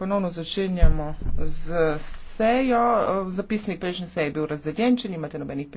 ponovno začenjamo z sejo. Zapisnik prejšnje seje je bil razdeljen, če nimate nobenih.